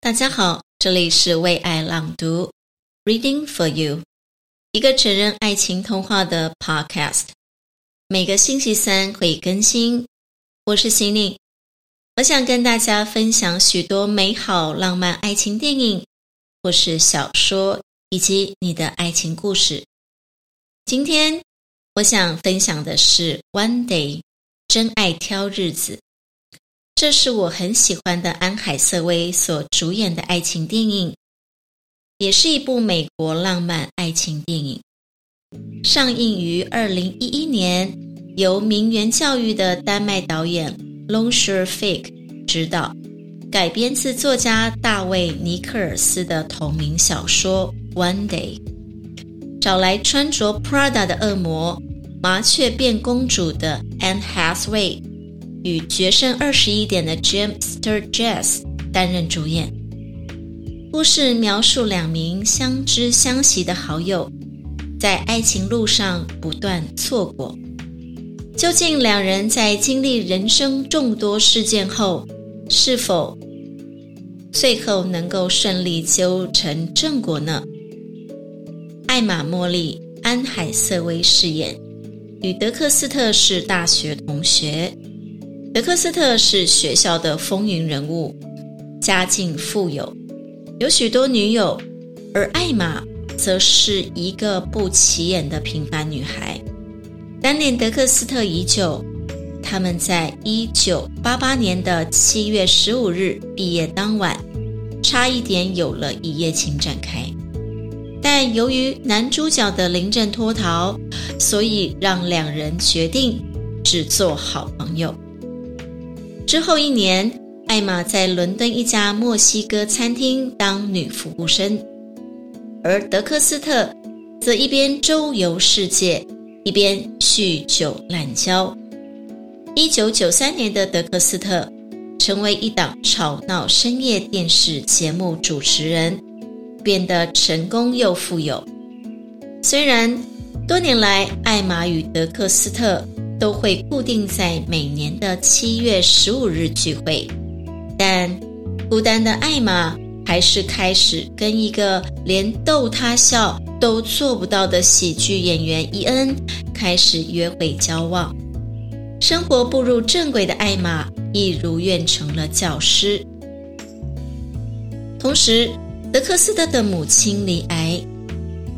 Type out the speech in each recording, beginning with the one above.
大家好，這裡是為愛朗讀 （Reading for You），一個承認愛情童話的 Podcast。每個星期三會更新。我是心寧，我想跟大家分享許多美好浪漫愛情電影，或是小說，以及你的愛情故事。今天我想分享的是《One Day》。真愛挑日子，這是我很喜歡的安海瑟薇所主演的愛情電影，也是一部美國浪漫愛情電影。上映於二零一一年，由名媛教育的丹麥導演 Lone Scherfig 指導，改編自作家大衛·尼克爾斯的同名小說《One Day》，找來穿着 Prada 的惡魔，麻雀變公主的安海瑟薇與決勝二十一點的 Jim Sturgess 擔任主演。故事描述兩名相知相惜的好友，在愛情路上不斷錯過。究竟兩人在經歷人生眾多事件後，是否最後能夠順利修成正果呢？艾瑪·莫莉·安海瑟薇飾演。與德克斯特是大學同學，德克斯特是學校的風雲人物，家境富有，有許多女友，而艾瑪則是一個不起眼的平凡女孩。單戀德克斯特已久，他們在一九八八年的七月十五日畢業當晚，差一點有了一夜情展開。但由於男主角的臨陣脫逃，所以讓兩人決定只做好朋友。之後一年，艾瑪在倫敦一家墨西哥餐廳當女服務生，而德克斯特則一邊周遊世界，一邊酗酒濫交。一九九三年的德克斯特成為一檔吵鬧深夜電視節目主持人。變得成功又富有。雖然多年來艾瑪與德克斯特都會固定在每年的七月十五日聚會，但孤單的艾瑪還是開始跟一個連逗她笑都做不到的喜劇演員伊恩開始約會交往。生活步入正軌的艾瑪亦如願成了教師，同時。德克斯特的母親罹癌，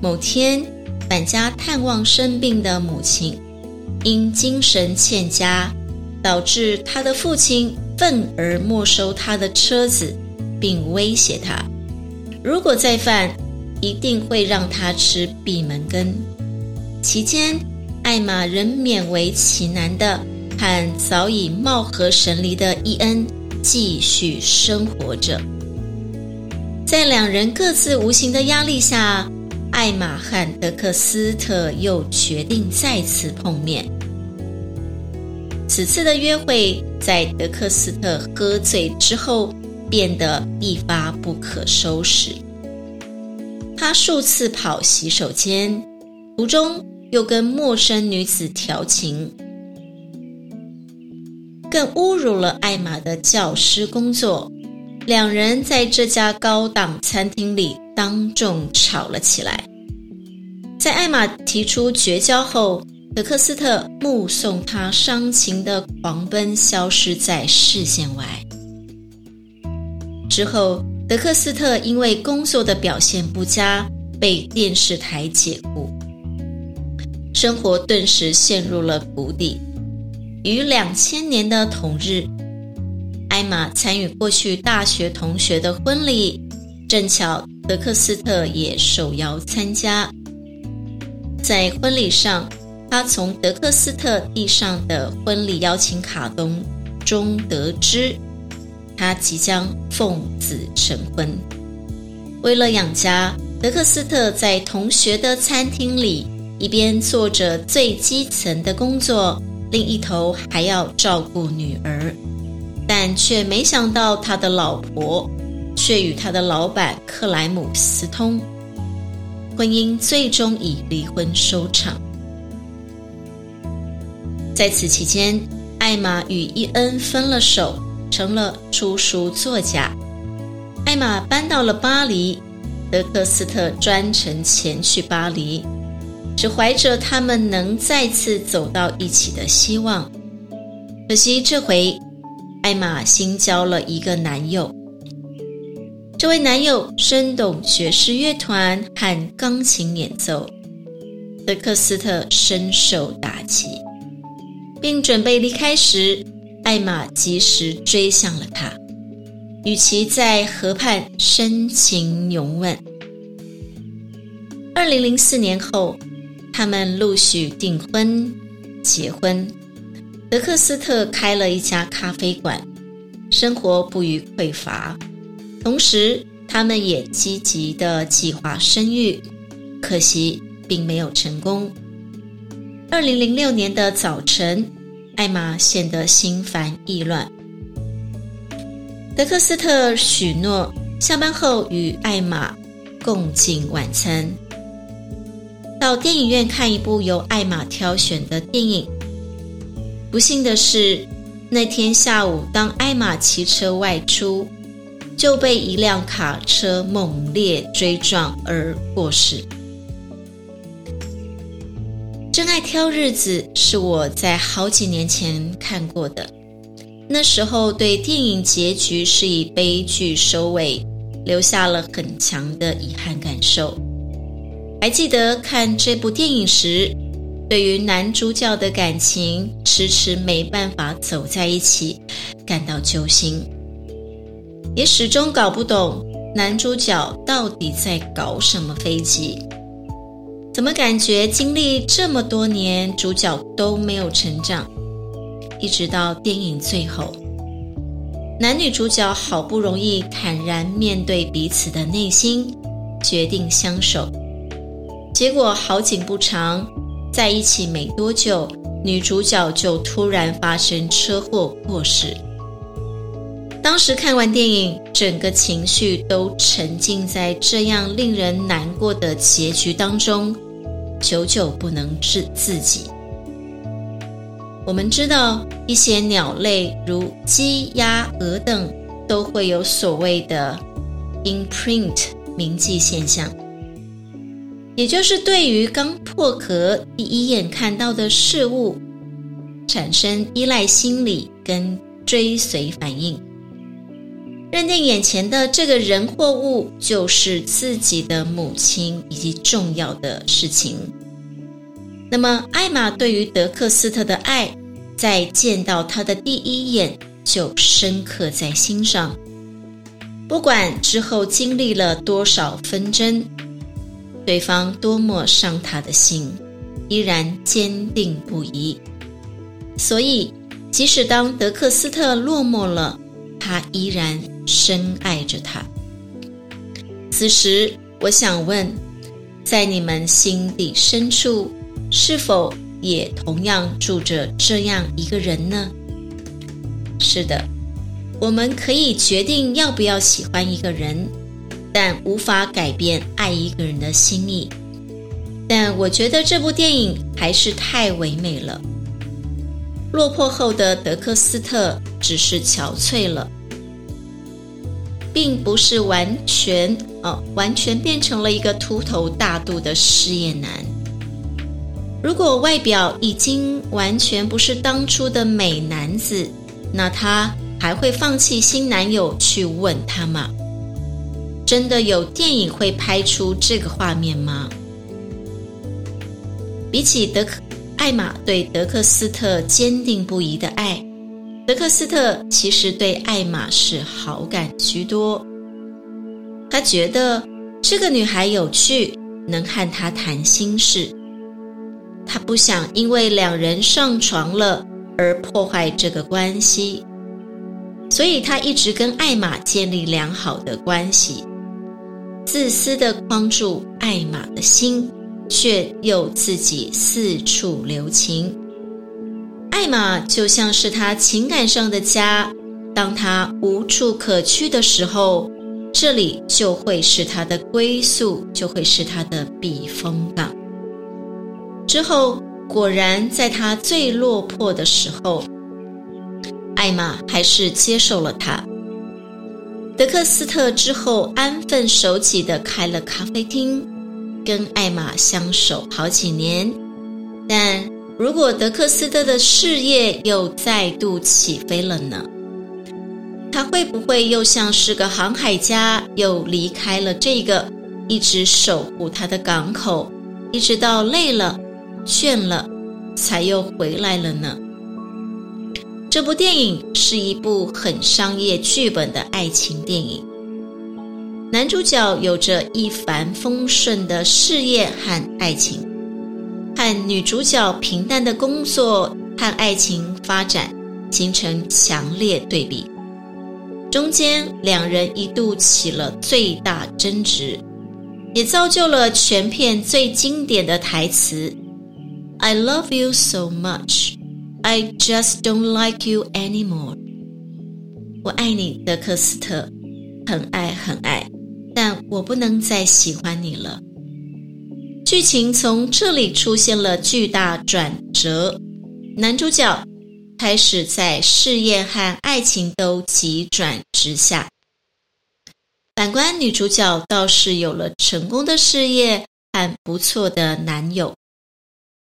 某天返家探望生病的母親，因精神欠佳，導致他的父親憤而沒收他的車子，並威脅他，如果再犯，一定會讓他吃閉門羹。其間，艾瑪仍勉為其難的和早已貌合神離的伊恩繼續生活着。在兩人各自無形的壓力下，艾瑪和德克斯特又決定再次碰面。此次的約會在德克斯特喝醉之後變得一發不可收拾。他數次跑洗手間，途中又跟陌生女子調情，更侮辱了艾瑪的教師工作。兩人在這家高檔餐廳裡當眾吵了起來。在艾瑪提出絕交後，德克斯特目送她傷情的狂奔消失在視線外。之後，德克斯特因為工作的表現不佳被電視台解僱，生活頓時陷入了谷底。於兩千年的同日。艾瑪參與過去大學同學的婚禮，正巧德克斯特也受邀參加。在婚禮上，他從德克斯特遞上的婚禮邀請卡中得知，他即將奉子成婚。為了養家，德克斯特在同學的餐廳裡一邊做着最基層的工作，另一頭還要照顧女兒。但卻沒想到，他的老婆卻與他的老板克萊姆斯通，婚姻最終以離婚收場。在此期間，艾瑪與伊恩分了手，成了出書作家。艾瑪搬到了巴黎，德克斯特專程前去巴黎，只懷着他們能再次走到一起的希望。可惜這回。艾瑪新交了一個男友，這位男友深懂爵士樂團和鋼琴演奏，德克斯特深受打擊，並準備離開時，艾瑪及時追向了他，與其在河畔深情擁吻。二零零四年後，他們陸續訂婚、結婚。德克斯特開了一家咖啡館，生活不虞匱乏。同時，他們也積極的計劃生育，可惜並沒有成功。二零零六年的早晨，艾瑪顯得心煩意亂。德克斯特許諾下班後與艾瑪共進晚餐，到電影院看一部由艾瑪挑選的電影。不幸的是，那天下午，當艾瑪騎車外出，就被一輛卡車猛烈追撞而過世。真愛挑日子是我在好幾年前看過的，那時候對電影結局是以悲劇收尾，留下了很強的遺憾感受。還記得看這部電影時，對於男主角的感情遲遲沒辦法走在一起，感到揪心，也始終搞不懂男主角到底在搞什麼飛機。怎麼感覺經歷這麼多年，主角都沒有成長？一直到電影最後，男女主角好不容易坦然面對彼此的內心，決定相守，結果好景不長。在一起沒多久，女主角就突然發生車禍過世。當時看完電影，整個情緒都沉浸在這樣令人難過的結局當中，久久不能自已。我們知道一些鳥類，如雞、鴨、鵝等，都會有所謂的 imprint 銘記現象。也就是對於剛破殼第一眼看到的事物，產生依賴心理跟追隨反應，認定眼前的這個人或物就是自己的母親以及重要的事情。那麼，艾瑪對於德克斯特的愛，在見到他的第一眼就深刻在心上，不管之後經歷了多少紛爭，對方多麼傷他的心，依然堅定不移。所以，即使當德克斯特落寞了，他依然深愛着他。此時，我想問，在你們心底深處，是否也同樣住着這樣一個人呢？是的，我們可以決定要不要喜歡一個人。但無法改變愛一個人的心意。但我覺得這部電影還是太唯美了。落魄後的德克斯特只是憔悴了，並不是完全哦，完全變成了一個禿頭大肚的失業男。如果外表已經完全不是當初的美男子，那他還會放棄新男友去吻她嗎？真的有電影會拍出這個畫面嗎？比起德克艾瑪對德克斯特堅定不移的愛，德克斯特其實對艾瑪是好感居多。他覺得這個女孩有趣，能和她談心事。他不想因為兩人上床了而破壞這個關係，所以他一直跟艾瑪建立良好的關係。自私地框住艾瑪的心，却又自己四處留情。艾瑪就像是他情感上的家，當他無處可去的時候，這裡就會是他的歸宿，就會是他的避風港。之後果然在他最落魄的時候，艾瑪還是接受了他。德克斯特之後安分守己的開了咖啡廳，跟艾瑪相守好幾年。但如果德克斯特的事業又再度起飛了呢？他會不會又像是個航海家，又離開了這個一直守護他的港口，一直到累了、倦了，才又回來了呢？這部電影是一部很商業劇本的愛情電影。男主角有着一帆風順的事業和愛情，和女主角平淡的工作和愛情發展形成強烈對比。中間兩人一度起了最大爭執，也造就了全片最經典的台詞：“I love you so much.” I just don't like you anymore。我愛你，德克斯特，很愛很愛，但我不能再喜歡你了。劇情從這裡出現了巨大轉折，男主角開始在事業和愛情都急轉直下。反觀女主角倒是有了成功的事業和不錯的男友，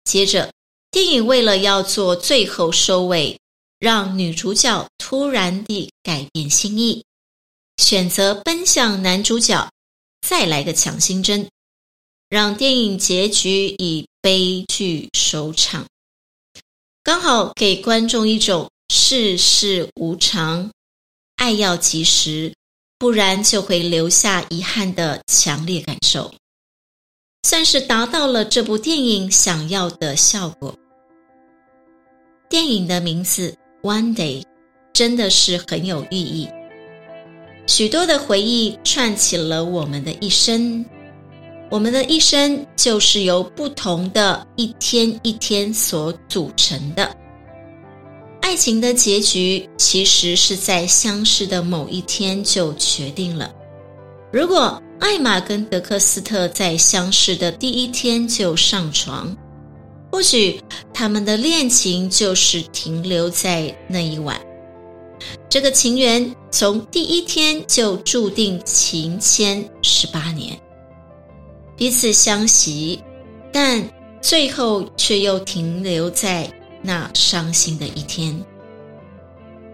接着。電影為了要做最後收尾，讓女主角突然地改變心意，選擇奔向男主角，再來個強心針，讓電影結局以悲劇收場，剛好給觀眾一種世事無常、愛要及時，不然就會留下遺憾的強烈感受，算是達到了這部電影想要的效果。電影的名字《One Day》，真的是很有意義，許多的回憶串起了我們的一生，我們的一生就是由不同的一天一天所組成的。愛情的結局其實是在相識的某一天就決定了。如果艾瑪跟德克斯特在相識的第一天就上床。或許他們的戀情就是停留在那一晚，這個情緣從第一天就注定情牽十八年，彼此相惜，但最後卻又停留在那傷心的一天。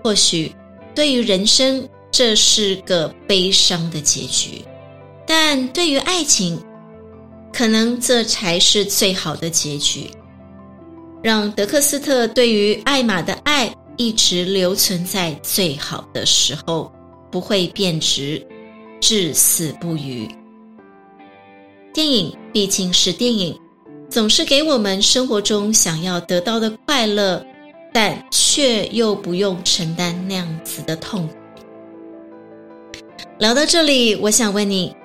或許對於人生這是個悲傷的結局，但對於愛情，可能這才是最好的結局。讓德克斯特對於艾瑪的愛一直留存在最好的時候，不會變質，至死不渝。電影畢竟是電影，總是給我們生活中想要得到的快樂，但却又不用承擔那樣子的痛苦。聊到這裡，我想問你：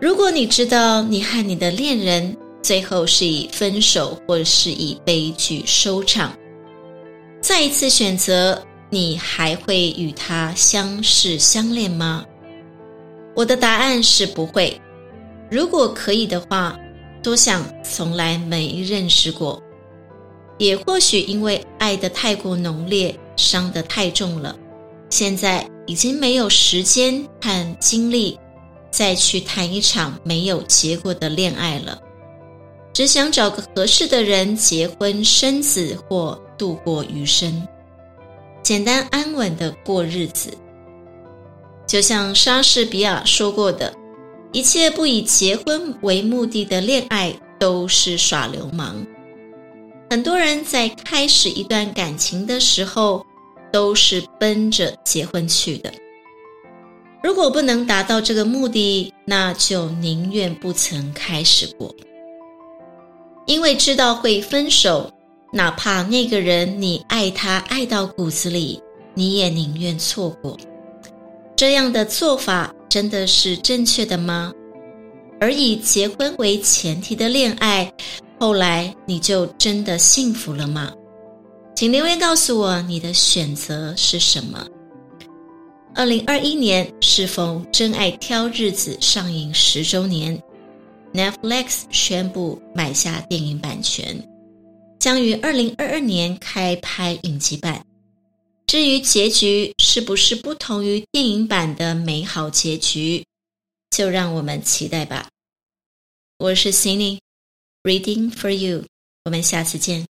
如果你知道你和你的戀人，最後是以分手，或是以悲劇收場。再一次選擇，你還會與他相識相戀嗎？我的答案是不會。如果可以的話，多想從來沒認識過。也或許因為愛得太過濃烈，傷得太重了，現在已經沒有時間和精力再去談一場沒有結果的戀愛了。只想找個合適的人結婚生子，或度過餘生，簡單安穩的過日子。就像莎士比亞說過的，一切不以結婚為目的的戀愛都是耍流氓。很多人在開始一段感情的時候，都是奔着結婚去的。如果不能達到這個目的，那就寧願不曾開始過。因為知道會分手，哪怕那個人你愛他愛到骨子裡，你也寧願錯過。這樣的做法真的是正確的嗎？而以結婚為前提的戀愛，後來你就真的幸福了嗎？請留言告訴我你的選擇是什麼。二零二一年適逢真愛挑日子上映十周年。Netflix 宣布買下電影版權，將於二零二二年開拍影集版。至於結局是不是不同於電影版的美好結局，就讓我們期待吧。我是 Cindy，Reading for you，我們下次見。